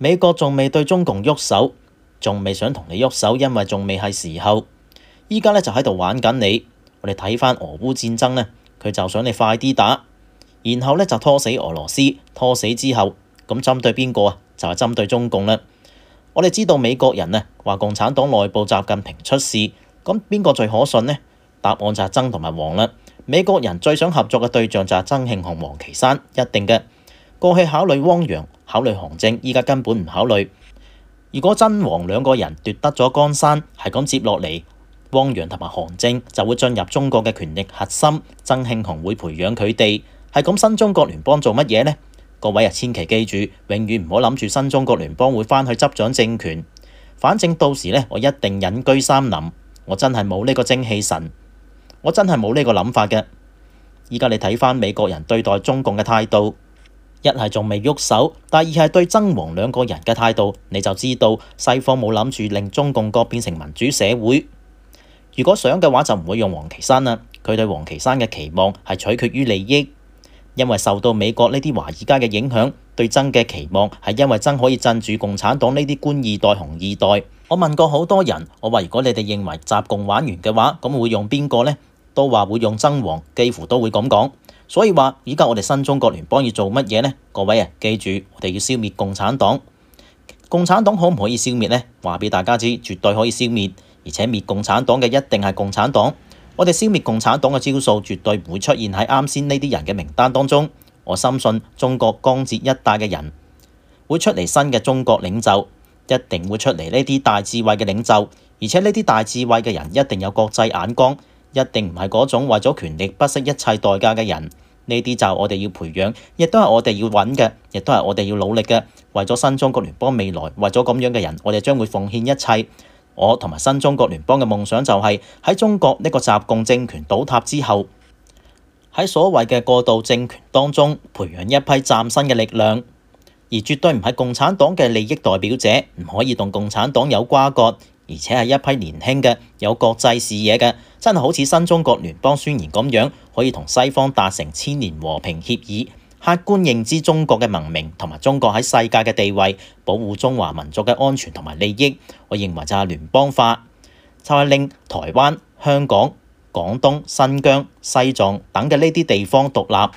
美國仲未對中共喐手，仲未想同你喐手，因為仲未係時候。依家呢，就喺度玩緊你。我哋睇翻俄烏戰爭呢，佢就想你快啲打，然後呢，就拖死俄羅斯。拖死之後，咁針對邊個啊？就係、是、針對中共啦。我哋知道美國人啊，話共產黨內部習近平出事，咁邊個最可信呢？答案就係曾同埋王啦。美國人最想合作嘅對象就係曾慶紅、王岐山，一定嘅。過去考慮汪洋。考慮韓正，依家根本唔考慮。如果真王兩個人奪得咗江山，係咁接落嚟，汪洋同埋韓正就會進入中國嘅權力核心，曾慶紅會培養佢哋。係咁，新中國聯邦做乜嘢呢？各位啊，千祈記住，永遠唔好諗住新中國聯邦會返去執掌政權。反正到時呢，我一定隱居山林，我真係冇呢個精氣神，我真係冇呢個諗法嘅。依家你睇翻美國人對待中共嘅態度。一係仲未喐手，第二係對曾王兩個人嘅態度，你就知道西方冇諗住令中共國變成民主社會。如果想嘅話，就唔會用王岐山啦。佢對王岐山嘅期望係取決於利益，因為受到美國呢啲華爾街嘅影響。對曾嘅期望係因為曾可以鎮住共產黨呢啲官二代、紅二代。我問過好多人，我話如果你哋認為習共玩完嘅話，咁會用邊個呢？都話會用曾王，幾乎都會咁講。所以話，而家我哋新中國聯邦要做乜嘢呢？各位啊，記住我哋要消滅共產黨。共產黨可唔可以消滅呢？話俾大家知，絕對可以消滅，而且滅共產黨嘅一定係共產黨。我哋消滅共產黨嘅招數，絕對唔會出現喺啱先呢啲人嘅名單當中。我深信中國江浙一帶嘅人，會出嚟新嘅中國領袖，一定會出嚟呢啲大智慧嘅領袖，而且呢啲大智慧嘅人一定有國際眼光。一定唔係嗰種為咗權力不惜一切代價嘅人，呢啲就我哋要培養，亦都係我哋要揾嘅，亦都係我哋要努力嘅。為咗新中國聯邦未來，為咗咁樣嘅人，我哋將會奉獻一切。我同埋新中國聯邦嘅夢想就係喺中國呢個習共政權倒塌之後，喺所謂嘅過渡政權當中培養一批嶄新嘅力量，而絕對唔係共產黨嘅利益代表者，唔可以同共產黨有瓜葛。而且係一批年輕嘅有國際視野嘅，真係好似新中國聯邦宣言咁樣，可以同西方達成千年和平協議。客觀認知中國嘅文明同埋中國喺世界嘅地位，保護中華民族嘅安全同埋利益。我認為就係聯邦化，就係令台灣、香港、廣東、新疆、西藏等嘅呢啲地方獨立。